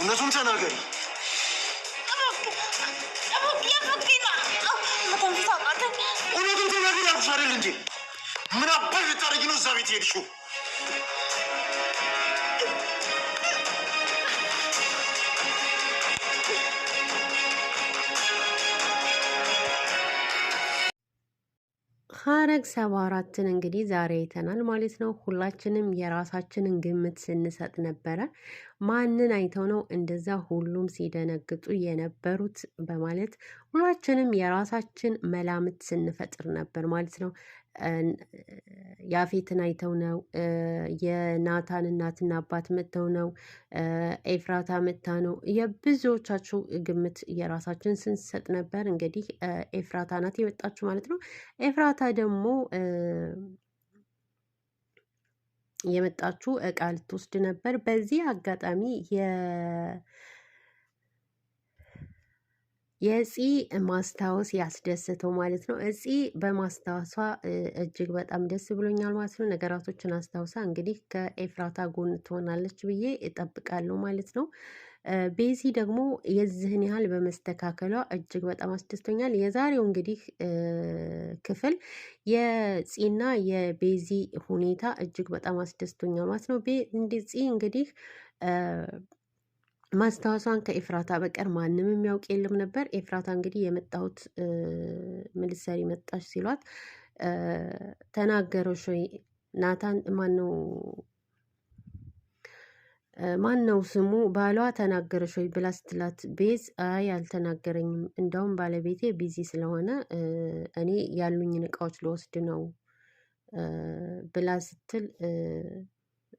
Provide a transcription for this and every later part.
እውነቱን ተናገሪ። እውነቱን ተናገሪ አልኩሽ አይደል እንዴ? ምን አባሽ ልታደርጊ ነው እዛ ቤት ሄድሽው? ሐረግ ሰባ አራትን እንግዲህ ዛሬ አይተናል ማለት ነው። ሁላችንም የራሳችንን ግምት ስንሰጥ ነበረ። ማንን አይተው ነው እንደዛ ሁሉም ሲደነግጡ የነበሩት በማለት ሁላችንም የራሳችን መላምት ስንፈጥር ነበር ማለት ነው። ያፌትን አይተው ነው። የናታን እናትና አባት መጥተው ነው። ኤፍራታ መታ ነው። የብዙዎቻችሁ ግምት የራሳችን ስንሰጥ ነበር። እንግዲህ ኤፍራታ ናት የመጣችሁ ማለት ነው። ኤፍራታ ደግሞ የመጣችሁ እቃ ልትወስድ ነበር። በዚህ አጋጣሚ የፂ ማስታወስ ያስደሰተው ማለት ነው። እፂ በማስታወሷ እጅግ በጣም ደስ ብሎኛል ማለት ነው። ነገራቶችን አስታውሳ እንግዲህ ከኤፍራታ ጎን ትሆናለች ብዬ እጠብቃለሁ ማለት ነው። ቤዚ ደግሞ የዚህን ያህል በመስተካከሏ እጅግ በጣም አስደስቶኛል። የዛሬው እንግዲህ ክፍል የፂና የቤዚ ሁኔታ እጅግ በጣም አስደስቶኛል ማለት ነው። እንዲ ፂ እንግዲህ ማስታወሷን ከኤፍራታ በቀር ማንም የሚያውቅ የለም ነበር። ኤፍራታ እንግዲህ የመጣሁት ምልሰሪ መጣሽ ሲሏት ተናገረሽ ወይ ናታን ማነው ማን ነው ስሙ ባሏ ተናገረሽ ወይ ብላ ስትላት፣ ቤዝ አይ አልተናገረኝም፣ እንደውም ባለቤቴ ቢዚ ስለሆነ እኔ ያሉኝን እቃዎች ልወስድ ነው ብላ ስትል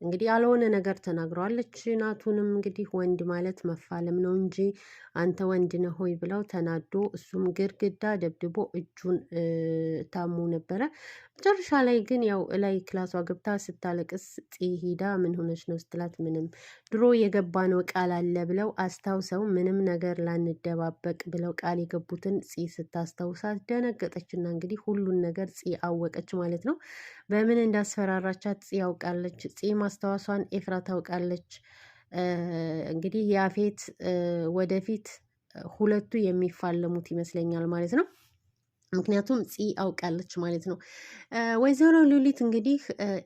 እንግዲህ ያልሆነ ነገር ተናግረዋለች። ናቱንም እንግዲህ ወንድ ማለት መፋለም ነው እንጂ አንተ ወንድ ነህ ሆይ ብለው ተናዶ እሱም ግድግዳ ደብድቦ እጁን ታሞ ነበረ። መጨረሻ ላይ ግን ያው እላይ ክላሷ ገብታ ስታለቅስ ፂ ሂዳ ምን ሆነች ነው ስትላት ምንም ድሮ ነው ቃል አለ ብለው አስታውሰው ምንም ነገር ላንደባበቅ ብለው ቃል የገቡትን ጽ ስታስታውሳት ደነገጠችና እንግዲህ ሁሉን ነገር ጽ አወቀች ማለት ነው። በምን እንዳስፈራራቻት ጽ ያውቃለች። ጽ ማስታወሷን ኤፍራ ታውቃለች። እንግዲህ ያፌት ወደፊት ሁለቱ የሚፋለሙት ይመስለኛል ማለት ነው። ምክንያቱም ፂ አውቃለች ማለት ነው። ወይዘሮ ሉሊት እንግዲህ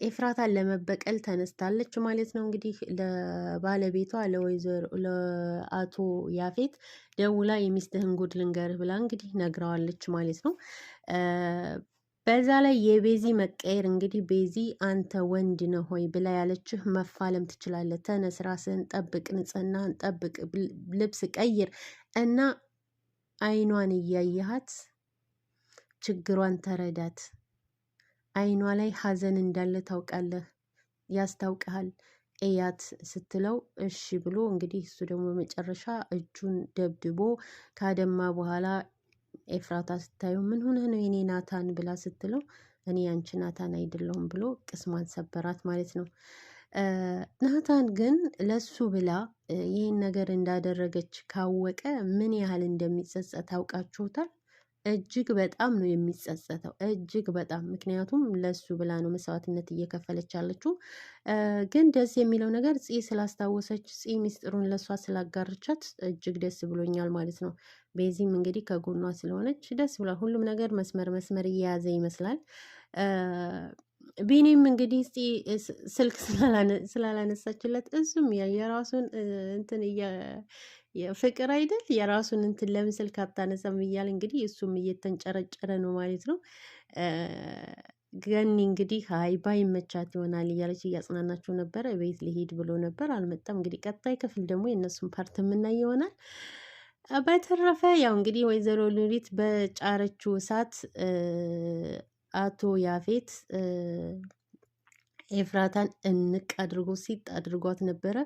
ኤፍራታን ለመበቀል ተነስታለች ማለት ነው። እንግዲህ ለባለቤቷ ለወይዘሮ ለአቶ ያፌት ደውላ የሚስትህን ጉድ ልንገርህ ብላ እንግዲህ ነግረዋለች ማለት ነው። በዛ ላይ የቤዚ መቀየር እንግዲህ ቤዚ አንተ ወንድ ነህ ሆይ ብላ ያለችህ መፋለም ትችላለህ። ተነስ፣ ራስህን ጠብቅ፣ ንጽህናን ጠብቅ፣ ልብስ ቀይር እና አይኗን እያየሃት ችግሯን ተረዳት። አይኗ ላይ ሀዘን እንዳለ ታውቃለህ፣ ያስታውቀሃል። እያት ስትለው እሺ ብሎ እንግዲህ እሱ ደግሞ በመጨረሻ እጁን ደብድቦ ካደማ በኋላ ኤፍራታ ስታዩ ምን ሆነ ነው የኔ ናታን ብላ ስትለው እኔ ያንቺ ናታን አይደለሁም ብሎ ቅስሟን ሰበራት ማለት ነው። ናታን ግን ለሱ ብላ ይህን ነገር እንዳደረገች ካወቀ ምን ያህል እንደሚጸጸት ታውቃችሁታል። እጅግ በጣም ነው የሚጸጸተው፣ እጅግ በጣም ምክንያቱም ለሱ ብላ ነው መስዋዕትነት እየከፈለች ያለችው። ግን ደስ የሚለው ነገር ፂ ስላስታወሰች ፂ ሚስጥሩን ለእሷ ስላጋርቻት እጅግ ደስ ብሎኛል ማለት ነው። ቤዚም እንግዲህ ከጎኗ ስለሆነች ደስ ብሏል። ሁሉም ነገር መስመር መስመር እየያዘ ይመስላል። ቢኒም እንግዲህ ስልክ ስላላነሳችለት እሱም የራሱን እንትን ፍቅር አይደል የራሱን እንትን ለምስል ካታነሳም እያል እንግዲህ እሱም እየተንጨረጨረ ነው ማለት ነው። ገኒ እንግዲህ ሀይ መቻት ይሆናል እያለች እያጽናናቸው ነበረ። ቤት ሊሄድ ብሎ ነበር አልመጣም። እንግዲህ ቀጣይ ክፍል ደግሞ የእነሱን ፓርት የምናይ ይሆናል። በተረፈ ያው እንግዲህ ወይዘሮ ሉሊት በጫረችው እሳት አቶ ያፌት ኤፍራታን እንቅ አድርጎ ሲጥ አድርጓት ነበረ።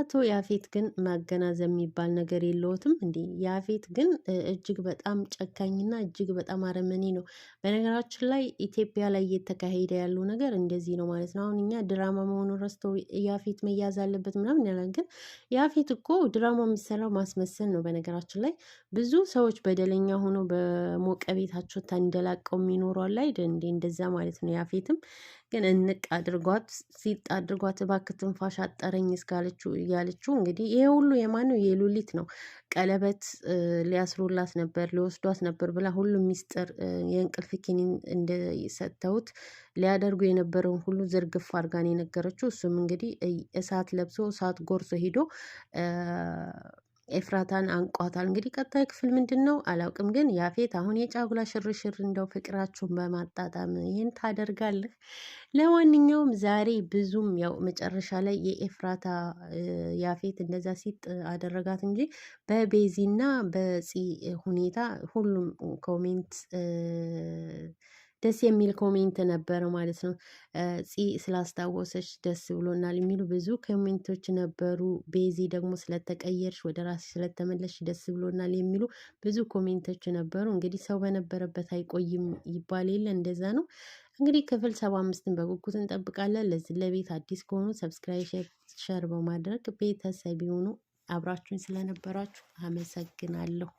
አቶ ያፌት ግን ማገናዘብ የሚባል ነገር የለውትም እንዴ? ያፌት ግን እጅግ በጣም ጨካኝና እጅግ በጣም አረመኔ ነው። በነገራችን ላይ ኢትዮጵያ ላይ እየተካሄደ ያለው ነገር እንደዚህ ነው ማለት ነው። አሁን እኛ ድራማ መሆኑን ረስተው ያፌት መያዝ አለበት ምናምን ያለን፣ ግን ያፌት እኮ ድራማ የሚሰራው ማስመሰል ነው። በነገራችን ላይ ብዙ ሰዎች በደለኛ ሆኖ በሞቀ ቤታቸው ተንደላቀው የሚኖሯል ላይ እንዴ? እንደዛ ማለት ነው። ያፌትም ግን እንቅ አድርጓት ሲጥ አድርጓት እባክህ ትንፋሽ አጠረኝ እስካለችው ያለችው እንግዲህ ይሄ ሁሉ የማነው የሉሊት ነው። ቀለበት ሊያስሩላት ነበር ሊወስዷት ነበር ብላ ሁሉም ሚስጥር የእንቅልፍ ኪኒን እንደሰጥተውት ሊያደርጉ የነበረውን ሁሉ ዝርግፍ አድርጋን የነገረችው እሱም እንግዲህ እሳት ለብሶ እሳት ጎርሶ ሄዶ። ኤፍራታን አንቋታል። እንግዲህ ቀጣይ ክፍል ምንድን ነው አላውቅም፣ ግን ያፌት አሁን የጫጉላ ሽርሽር እንደው ፍቅራችሁን በማጣጣም ይህን ታደርጋለህ። ለማንኛውም ዛሬ ብዙም ያው መጨረሻ ላይ የኤፍራታ ያፌት እንደዛ ሲጥ አደረጋት እንጂ በቤዚና በፂ ሁኔታ ሁሉም ኮሜንት ደስ የሚል ኮሜንት ነበረ ማለት ነው። ፂ ስላስታወሰች ደስ ብሎናል የሚሉ ብዙ ኮሜንቶች ነበሩ። ቤዚ ደግሞ ስለተቀየርሽ ወደ ራስሽ ስለተመለስሽ ደስ ብሎናል የሚሉ ብዙ ኮሜንቶች ነበሩ። እንግዲህ ሰው በነበረበት አይቆይም ይባል የለ እንደዛ ነው። እንግዲህ ክፍል ሰባ አምስትን በጉጉት እንጠብቃለን። ለዚህ ለቤት አዲስ ከሆኑ ሰብስክራይብ፣ ሸር በማድረግ ቤተሰብ የሆኑ አብራችሁን ስለነበራችሁ አመሰግናለሁ።